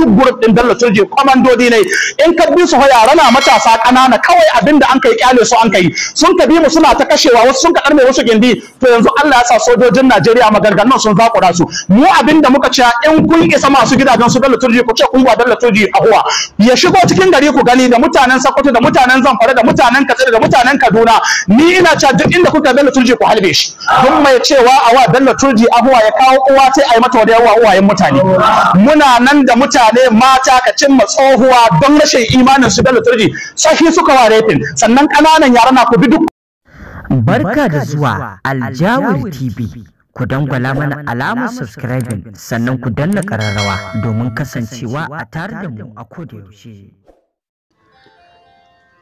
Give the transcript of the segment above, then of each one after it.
duk group din Bello Turje komandodi ne in ka bi su ho yara na matasa kanana kawai abinda an kai kyale su an kai sun ka bi mu suna ta kashewa wasu sun ka karme wasu gindi to yanzu Allah ya sa sojojin Najeriya maganganun sun zakura su mu abinda muka ce in kun isa masu gidajen su Bello Turje ku ce kun ba Bello Turje a huwa ya shigo cikin gari ku gani da mutanen Sokoto da mutanen Zamfara da mutanen Katsina da mutanen Kaduna ni ina cewa duk inda kuka Bello Turje ku halbe shi don mai cewa a wa Bello Turje abuwa ya kawo uwa sai a yi mata wadai wa uwayen mutane muna nan da mutane mutane mata ka cimma tsohuwa don rashin imanin su da liturgi, sahi suka wa rafin sannan ƙananan yara na ku bi duk barka da zuwa aljawul tv ku dangwala mana alamar subscribing sannan ku danna ƙararrawa domin kasancewa a tare da mu a yaushe.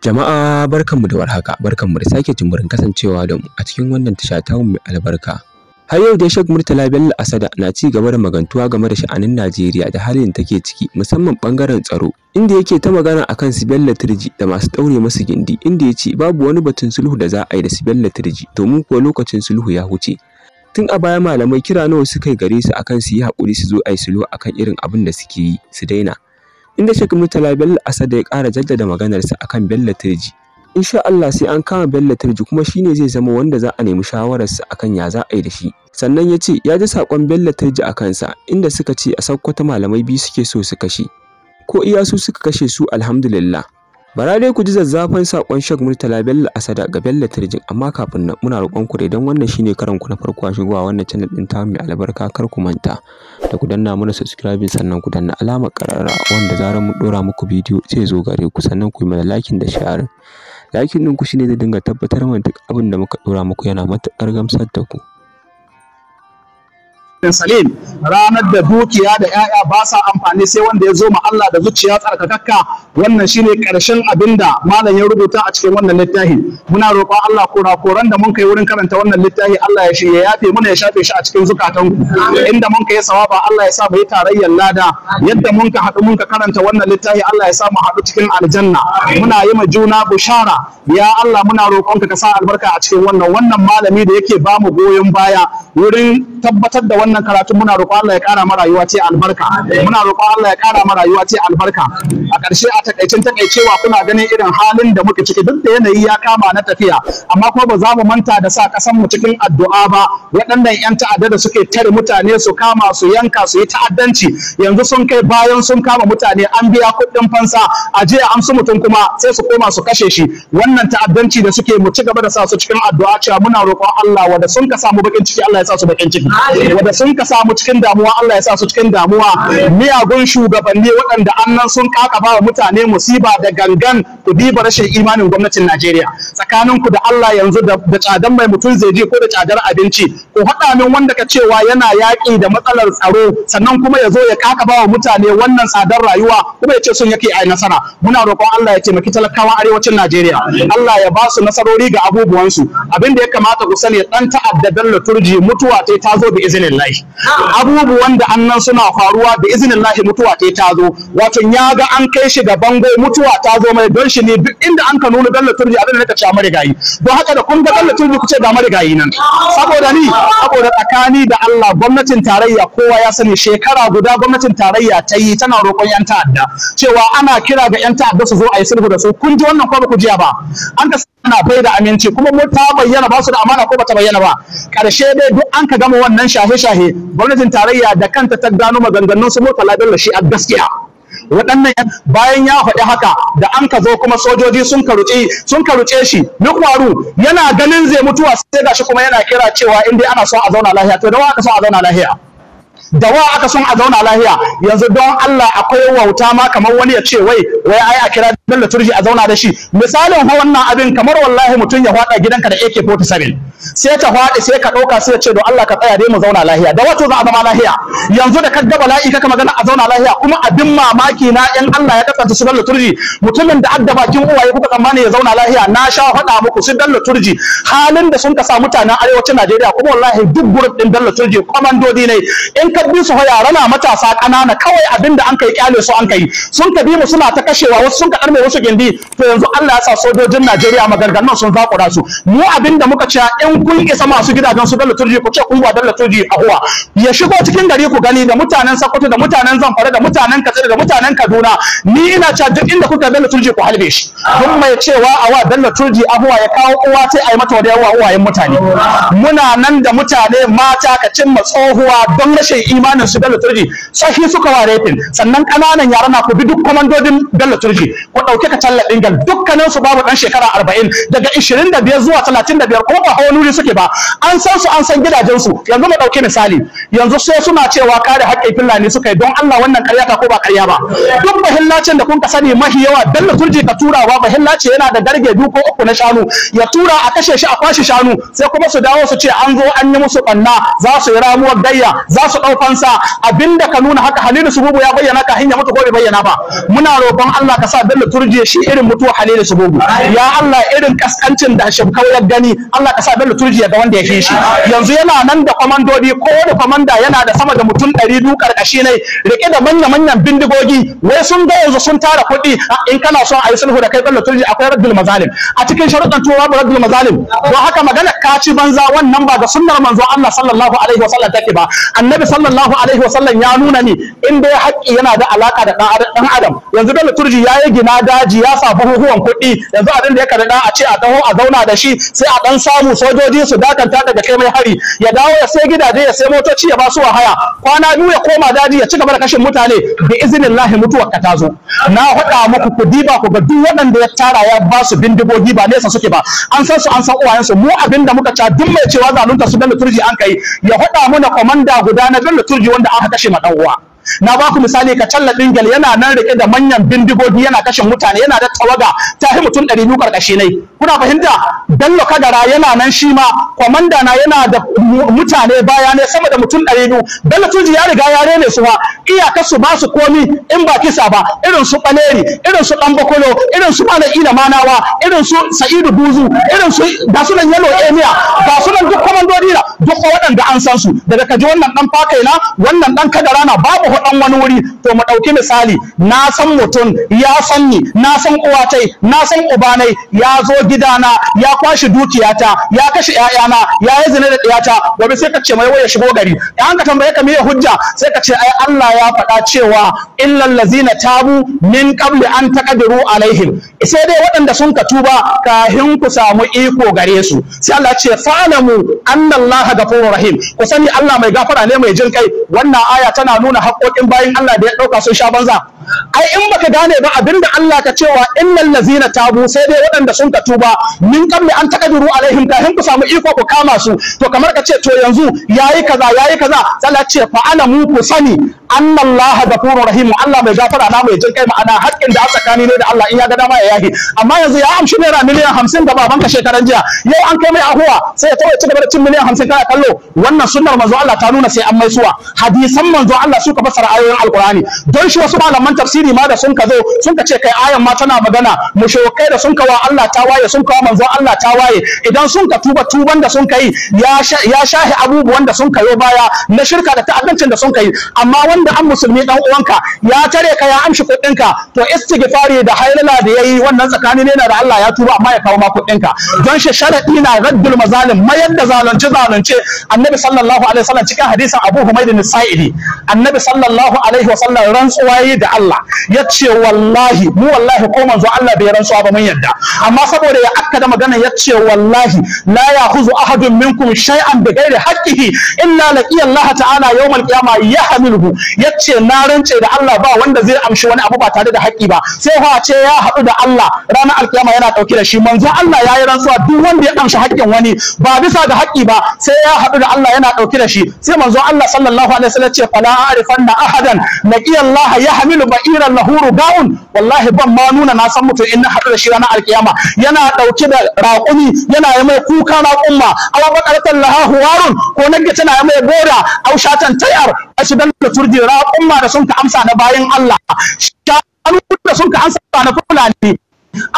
jama'a barkanmu da warhaka barkanmu da sake jimurin kasancewa da mu a cikin wannan tasha mai albarka Har yau dai Sheikh Murtala Bello Asada na ci gaba da magantuwa game da sha'anin Najeriya da halin da take ciki musamman bangaren tsaro inda yake ta magana akan su Bello Turji da masu daure musu gindi inda ya ce babu wani batun sulhu da za a yi da su Bello Turji domin kuwa lokacin sulhu ya huce. Tun a baya malamai kira nawa suka yi gare su akan su yi haƙuri su zo a yi sulhu akan irin abin da suke yi su daina. Inda Sheikh Murtala Bello Asada ya ƙara jaddada maganarsa akan Bello Turji in sha Allah sai an kama Bello Turji kuma shine zai zama wanda za a nemi shawararsa akan ya za a yi da shi. Sannan ya ce ya ji sakon Bello Turji a kansa inda suka ce a ta malamai biyu suke so su kashe. Ko iya su suka kashe su alhamdulillah. Bara dai ku ji zazzafan sakon Sheikh Murtala Bello Asada ga Bello Turjin amma kafin nan muna roƙon ku dai don wannan shine karan ku na farko a shigowa wannan channel din ta mai albarka kar ku manta da ku danna mana subscribe sannan ku danna alamar karara wanda zarar mu dora muku bidiyo zai zo gare ku sannan ku yi mana liking da share Yakin ɗinku shine zai dinga tabbatar mana duk abin da muka ɗora muku yana matuƙar gamsar da ku. salim ranar da dukiya da ‘ya'ya ba sa amfani sai wanda ya zo ma Allah da zuciya tsarkakakka wannan shine ƙarshen abinda malam ya rubuta a cikin wannan littafi muna roƙon Allah kurakuran da mun kai wurin karanta wannan littafi Allah ya shirya yafe muna ya shafe shi a cikin zukatan inda mun kai sawaba Allah ya sa mu yi tarayyar lada yadda mun ka haɗu mun ka karanta wannan littafi Allah ya sa mu haɗu cikin aljanna muna yi ma juna bushara ya Allah muna roƙonka ka sa albarka a cikin wannan wannan malami da yake ba mu goyon baya wurin tabbatar da wannan wannan karatu muna roƙo Allah ya ƙara mara rayuwa ce albarka muna roƙo Allah ya ƙara mara rayuwa ce albarka a ƙarshe a takaicin takaicewa kuna ganin irin halin da muke ciki duk da yanayi ya kama na tafiya amma kuma ba za mu manta da sa ƙasar mu cikin addu'a ba waɗannan ƴan ta'adda da suke tare mutane su kama su yanka su yi ta'addanci yanzu sun kai bayan sun kama mutane an biya kuɗin fansa a jiya an su mutum kuma sai su koma su kashe shi wannan ta'addanci da suke mu ci gaba da sa su cikin addu'a cewa muna roƙon Allah wanda sun ka samu bakin ciki Allah ya sa su bakin ciki wanda sun ka samu cikin damuwa Allah ya sa su cikin damuwa miyagun shugabanni waɗanda an nan sun kakaba wa mutane musiba da gangan ku diba rashin imanin gwamnatin Najeriya tsakanin ku da Allah yanzu da tsadan mai mutum zai je ko da tsadar abinci ko haɗa min wanda ka cewa yana yaƙi da matsalar tsaro sannan kuma ya zo ya kakaba wa mutane wannan tsadar rayuwa kuma ya ce sun yake ai nasara muna roƙon Allah ya taimaki talakawan arewacin Najeriya Allah ya ba su nasarori ga abubuwansu abin da ya kamata ku sani dan ta'adda dan Turji mutuwa ta zo bi izinin abubuwan da annan suna faruwa da izinin lahi mutuwa ta ta zo wato ya ga an kai shi ga bango mutuwa ta zo mai don shi ne duk inda an ka nuna dalla turji abin da ka sha marigayi don haka da kun ga dalla turji kuce ga marigayi nan saboda ni saboda tsakani da Allah gwamnatin tarayya kowa ya sani shekara guda gwamnatin tarayya ta yi tana roƙon yan ta'adda cewa ana kira ga yan ta'adda su zo a yi sulhu da su kun ji wannan ko ba ku jiya ba an ka ana bai da aminci kuma mu ta bayyana ba su da amana ko ba ta bayyana ba Karshe dai duk an ka gama wannan shahe-shahe wallahi gwamnatin tarayya da kanta ta gano maganganun su mota labin shi a gaskiya waɗannan bayan ya faɗi haka da an ka zo kuma sojoji sun karuce sun karuce shi lukwaru yana ganin zai mutuwa sai gashi kuma yana kira cewa in dai ana son a zauna lahiya to da wa aka son a zauna lahiya da wa aka son a zauna lahiya yanzu don Allah akwai wauta ma kamar wani ya ce wai wai ai a kira dan liturji a zauna da shi misalin ho wannan abin kamar wallahi mutum ya hwada gidanka da AK47 sai ta hwada sai ka ɗauka sai ya ce don Allah ka tsaya dai mu zauna lahiya da wato za a zama lahiya yanzu da kaddaba bala'i kaka magana a zauna lahiya kuma abin mamaki na in Allah ya kasance su dan liturji mutumin da adda bakin uwaye kuka tsammani ya zauna lahiya na sha hada muku su dan liturji halin da sun ka sa mutanen arewacin Najeriya kuma wallahi duk gurin din dan liturji komandodi ne in ka su yara na matasa kanana kawai abin da an kai kyale su an kai sun ka bi mu suna ta kashewa wasu sun ka mai wasu gindi to yanzu Allah ya sa sojojin Najeriya maganganun sun zakura su mu abinda muka cewa in kun isa masu gidajen su dalla turji ku ce kun ba dalla turji a huwa ya shigo cikin gari ku gani da mutanen Sokoto da mutanen Zamfara da mutanen Katsina da mutanen Kaduna ni ina cewa duk inda kuka dalla turji ku halbe shi kun mai cewa awa dalla turji a huwa ya kawo uwa sai a yi mata wadai uwayen mutane muna nan da mutane mata ka cimma tsohuwa don rashin imanin su Bello Turji sahi suka ware rafin sannan kananan yaran na ku bi duk komandodin Bello Turji ku dauke ka talla dingal dukkanin su babu dan shekara 40 daga 25 zuwa 35 ko ba hawo nuri suke ba an san su an san gidajen su yanzu mu dauke misali yanzu sai suna cewa kare haƙƙin Fulani suka yi don Allah wannan ƙarya ta ko ba ƙarya ba duk mahillacin da kun ka sani mahi yawa Bello Turji ka tura turawa mahillaci yana da darge biyu ko uku na shanu ya tura a kashe shi a kwashe shanu sai kuma su dawo su ce an zo an yi musu banna za su yi ramuwar gayya za su fansa abinda ka nuna haka halilu subugu ya bayyana ka hinya mutu ko bai bayyana ba muna roƙon Allah ka sa dalla Turje shi irin mutuwa halilu subugu ya Allah irin kaskancin da Shabkau ya gani Allah ka sa dalla Turje ga wanda ya fi shi yanzu yana nan da komandodi ko da komanda yana da sama da mutum 100 dukar kashi ne rike da manya manyan bindigogi wai sun ga yanzu sun tara kuɗi in kana son a yi sulhu da kai dalla Turje akwai raddul mazalim a cikin sharuɗan tuwa raddul mazalim don haka magana ka ci banza wannan ba ga sunnar manzo Allah sallallahu alaihi wasallam take ba annabi sallallahu الله عليه وسلم يعلونني in dai haƙƙi yana da alaka da ɗan adam yanzu bello turji ya yi gina daji ya sa buhuhuwan kuɗi yanzu abin da ya karɓa a ce a taho a zauna da shi sai a ɗan samu sojoji su dakanta daga kai mai hari ya dawo ya sai gidaje ya sai motoci ya ba su haya kwana biyu ya koma daji ya ci gaba da kashin mutane bi izinin lahi mutuwar ka ta na faɗa muku ku diba ku ga duk waɗanda ya tara ya ba su bindigogi ba nesa suke ba an san su an san uwayensu mu abin da muka ca duk mai cewa zalunta su dan turji an kai ya faɗa muna komanda guda na bello turji wanda aka kashe ma ɗan uwa na ba ku misali ka challa dingal yana nan rike da manyan bindigogi yana kashe mutane yana da tawaga ta yi mutum ɗari karkashe ne kuna fahimta Bello Kagara yana nan shi ma komanda na yana da mutane baya ne sama da mutum ɗari biyu Bello Tuji ya riga ya rene su ma iyakar su ba su komi in ba kisa ba irin su Baleri irin su Dan Bakolo irin su Ila Manawa irin su Sa'idu Buzu irin su ga su nan yalo Emia ga su nan duk komandodi na duk waɗanda an san su daga kaji wannan dan fakaina wannan ɗan Kagara na babu hudan wani wuri to mu ɗauki misali na san mutum ya san na san uwatai na san ubanai ya zo gidana ya kwashe dukiyata ya kashe ƴaƴana ya yi zina da ɗiyata gobe sai ka ce mai waya shigo gari an ka tambaye ka meye hujja sai ka ce ai Allah ya faɗa cewa illal lazina tabu min qabli an taqdiru alaihim sai dai waɗanda sun ka tuba kahin ku samu iko gare su sai Allah ce fa'lamu anna Allah ghafurur rahim ku sani Allah mai gafara ne mai jin kai wannan aya tana nuna haƙoƙin bayin Allah da ya ɗauka sun sha banza ai in baka gane ba abinda Allah ka cewa innal lazina tabu sai dai waɗanda sun ka tuba min qabli an taqdiru alaihim hin ku samu iko ku kama su to kamar ka ce to yanzu yayi kaza yayi kaza Allah ce fa ana mu ku sani anna allaha ghafurur rahim Allah mai gafara na mai jin kai ma'ana haƙƙin da a tsakani ne da Allah in ya ga dama ya yahi amma yanzu ya amshi naira miliyan hamsin da ka shekaran jiya yau an kai mai ahuwa sai ya tawo ci gaba da cin miliyan hamsin kana kallo wannan sunnar manzo Allah ta nuna sai an mai suwa hadisan manzo Allah suka fassara ayoyin alqur'ani don shi wasu malaman tafsiri ma da sun ka zo sun ka ce kai ayan ma tana magana mushrikai da sun wa Allah ta waye sun wa manzo Allah ta waye idan sun ka tuba tuban da sun yi ya shahi abubuwan da sun kayo baya na shirka da ta'addancin da sun kai amma da an musulmi dan uwanka ya tare ka ya amshi kuɗinka to istighfari da hailala da yayi wannan tsakani ne na da Allah ya tuba amma ya kawo ma kuɗinka don shi sharadi na raddul mazalim mayar da zalunci zalunci annabi sallallahu alaihi wasallam cikin hadisin Abu Humayd bin Sa'idi annabi sallallahu alaihi wasallam rantsuwa yi da Allah yace wallahi mu wallahi ko manzo Allah bai rantsuwa ba mun yadda amma saboda ya akkada magana yace wallahi la yahuzu ahadun minkum shay'an bighairi haqqihi illa laqiya Allah ta'ala yawmal qiyamah yahmiluhu ya ce na rance da Allah ba wanda zai amshi wani abu ba tare da haƙƙi ba sai fa ce ya haɗu da Allah ranar alkiyama yana ɗauke da shi manzo Allah ya yi rantsuwa duk wanda ya amshi haƙƙin wani ba bisa ga haƙƙi ba sai ya haɗu da Allah yana ɗauke da shi sai manzo Allah sallallahu alaihi wasallam ce fala a'rifanna ahadan laqiya Allah yahmilu ba'iran lahuru gaun wallahi ban ma nuna na san mutum in na haɗu da shi ranar alkiyama yana ɗauke da raƙumi yana yi mai kuka raƙumma aw baƙartan laha ko nagge tana yi mai gora aw shatan tayar shi dan da turji raƙumma da sun ka amsa na bayan Allah shanu da sun ka amsa na fulani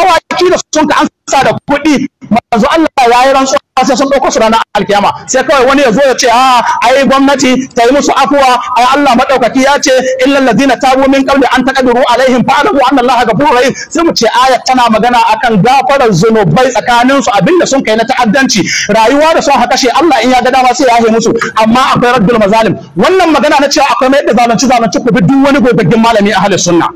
awaki da sun ka amsa da kuɗi manzo Allah ya yi rantsuwa sai sun ɗauko su ranar alkiyama sai kawai wani ya zo ya ce a ah, ai gwamnati ta yi musu afuwa a Allah madaukaki ya ce illal ladina tabu min qabli an taqdiru alaihim fa alamu anna Allah ghafurur rahim sai mu ce ayat tana magana akan gafarar zunubai tsakanin su abinda sun kai na ta'addanci rayuwa da sun hakashe shi Allah in ya ga dama sai ya yi musu amma akwai raddul mazalim wannan magana na cewa akwai mai da zalunci zalunci ku bi duk wani gogaggin malami ahli sunna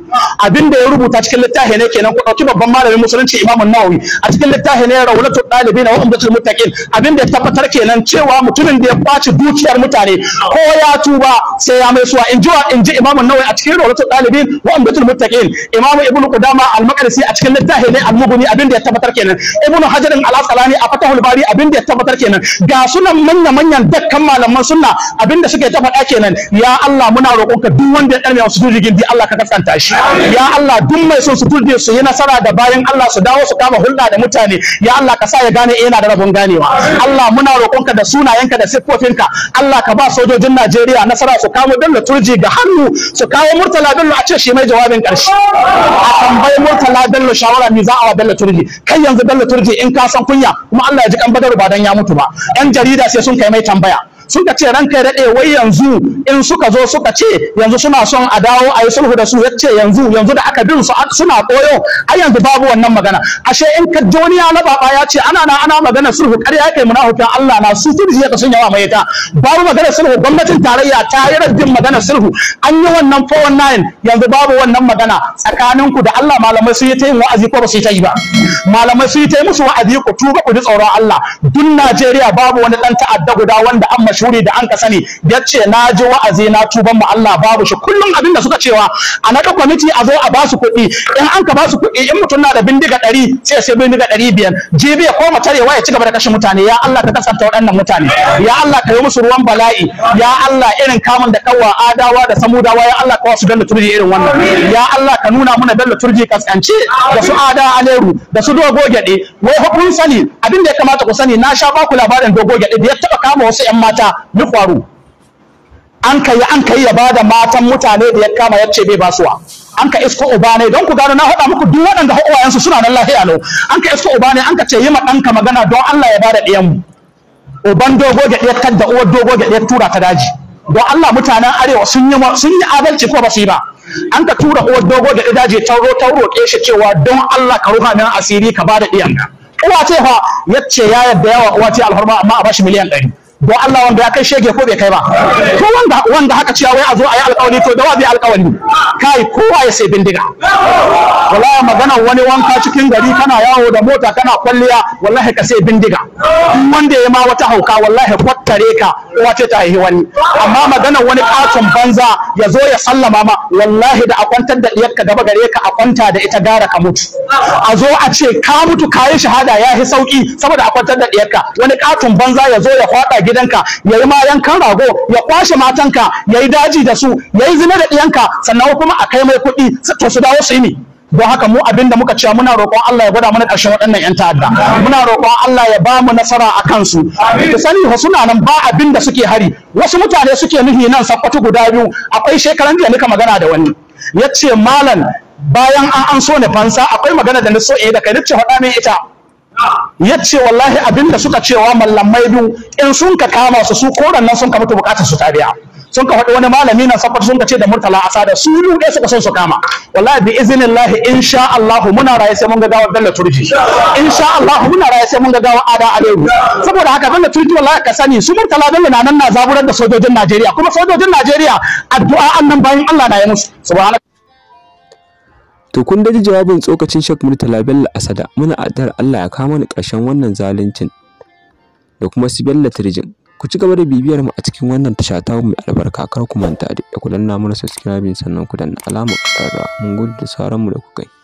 abinda ya rubuta cikin littafi ne kenan ku dauki babban malamin musulunci Imam Nawawi a cikin littafi ne Rawlatul Dalibin wa Umdatul Muttaqin abin da ya tabbatar kenan cewa mutumin da ya kwaci dukiyar mutane ko ya tuba sai ya mai suwa in ji in ji imamu nawai a cikin rawlatul dalibin wa umdatul muttaqin imamu ibnu qudama al-maqdisi a cikin littafi ne al-mughni abin da ya tabbatar kenan ibnu hajar al-asqalani a fatahul bari abin da ya tabbatar kenan ga sunan manyan manyan dukkan malaman sunna abin da suke ta kenan ya Allah muna roƙonka duk wanda ya ɗarme wasu durigin di Allah ka kasanta shi ya Allah duk mai son su turje su yi nasara da bayan Allah su dawo su kama hulɗa da mutane ya Allah ka sa ya gane eh, yana da rabon ganewa Allah muna roƙonka da sunayenka da siffofinka Allah ka ba sojojin Najeriya nasara su kawo dalla turji ga hannu su kawo Murtala Bello a ce shi mai jawabin ƙarshe a tambayi Murtala Bello shawara ne za a wa Bello turji kai yanzu Bello turji in ka san kunya kuma Allah ya ji kan badar ba dan ya mutu ba yan jarida sai sun kai mai tambaya suka ce ranka ya daɗe wai yanzu in suka zo suka ce yanzu suna son a dawo a yi sulhu da su ya ce yanzu yanzu da aka bin su suna koyo ai yanzu babu wannan magana ashe in ka duniya na baba ya ce ana na ana magana sulhu ya yake munafikan Allah na su sun ya kasan yawa mai ta babu magana sulhu gwamnatin tarayya ta yi raddin magana sulhu an yi wannan 419 yanzu babu wannan magana tsakaninku da Allah malamai sun yi ta yin wa'azi ko ba su yi ta yi ba malamai sun yi ta yi musu wa'azi ku tuba ku ji tsoron Allah duk Najeriya babu wani dan ta'adda guda wanda an mashuri da an ka sani ce na ji wa'azi na tuban mu Allah babu shi kullum abin da suka cewa a naka kwamiti a zo a ba su kuɗi in an ka ba su kuɗi in mutum na da bindiga ɗari sai sai bindiga ɗari biyar jibi ya koma tarewa ya ci gaba da kashe mutane ya Allah ka kasanta waɗannan mutane ya Allah ka yi musu ruwan bala'i ya Allah irin kamun da kawwa adawa da samudawa ya Allah ka wasu dalla turji irin wannan ya Allah ka nuna muna dalla turji kaskanci da su ada aleru da su dogo gyaɗe wai hukun sani abin da ya kamata ku sani na sha baku labarin dogo gyaɗe da ya taɓa kama wasu 'yan mata mata nufaru an kai an kai ya bada matan mutane da ya kama yace bai basuwa an ka isko uba ne don ku gano na haɗa muku duk waɗanda su suna nan lafiya lau an ka isko uba ne an ka ce yi ma ɗanka magana don Allah ya bada ɗiyan mu uban dogo gyaɗe kan da uwar dogo gyaɗe tura ta daji don Allah mutanen arewa sun yi sun yi adalci ko ba su yi ba an ka tura uwar dogo gyaɗe daji tauro tauro roƙe shi cewa don Allah ka ruha nan asiri ka bada ɗiyan uwa ce fa yace ya yadda yawa uwa ce alhurma amma a bashi miliyan 100 don Allah wanda ya kai shege ko bai kai ba ko wanda wanda haka cewa wai a zo a yi alƙawari to da wa zai alƙawari kai kowa ya sai bindiga wallahi magana wani wanka cikin gari kana yawo da mota kana kwalliya wallahi ka sai bindiga wanda ya ma wata hauka wallahi kwattare ka uwa ce ta haihi wani amma magana wani katon banza ya zo ya sallama ma wallahi da a kwantar da iyakka gaba gare ka a kwanta da ita gara ka mutu a zo a ce ka mutu ka yi shahada ya yi sauki saboda a kwantar da iyakka wani katon banza ya zo ya faɗa gidanka ya yi ma yankan rago ya kwashe matanka ya yi daji da su ya yi zina da ɗiyanka sannan kuma a kai mai kuɗi to su dawo su yi ne don haka mu abinda muka cewa muna roƙon Allah ya gwada mana ƙarshen waɗannan ƴan ta'adda muna roƙon Allah ya ba mu nasara a kansu ku sani fa suna nan ba abin da suke hari wasu mutane suke nuhi nan sakwatu guda biyu akwai shekaran da nika magana da wani ya ce malam bayan an an so ni fansa akwai magana da ni so da kai ni ce faɗa min ita ya ce wallahi abinda suka cewa mallamai biyu in sun ka kama su su koran nan sun ka mutu bukatar su tariya sun ka faɗi wani malami na sabbata sun ka ce da murtala a sada su yi ɗaya suka son su kama wallahi bi in insha Allah muna raye sai mun ga gawa Bello Turji insha Allah muna raye sai mun ga gawa Ada Aleru saboda haka bella Turji wallahi ka sani su murtala Bello na nan na zaburar da sojojin Najeriya kuma sojojin Najeriya addu'a annan bayan Allah na yi musu subhanallah To kun daji jawabin tsokacin Sheikh Murtala Bello Asada muna addu'ar Allah ya kawo mana ƙarshen wannan zaluncin da kuma su Bello Ku ci gaba da bibiyar mu a cikin wannan tasha ta mu albarka kar ku manta da ku danna mana subscribe sannan ku danna alamar ƙararrawa mun gode da sauran mu da ku kai.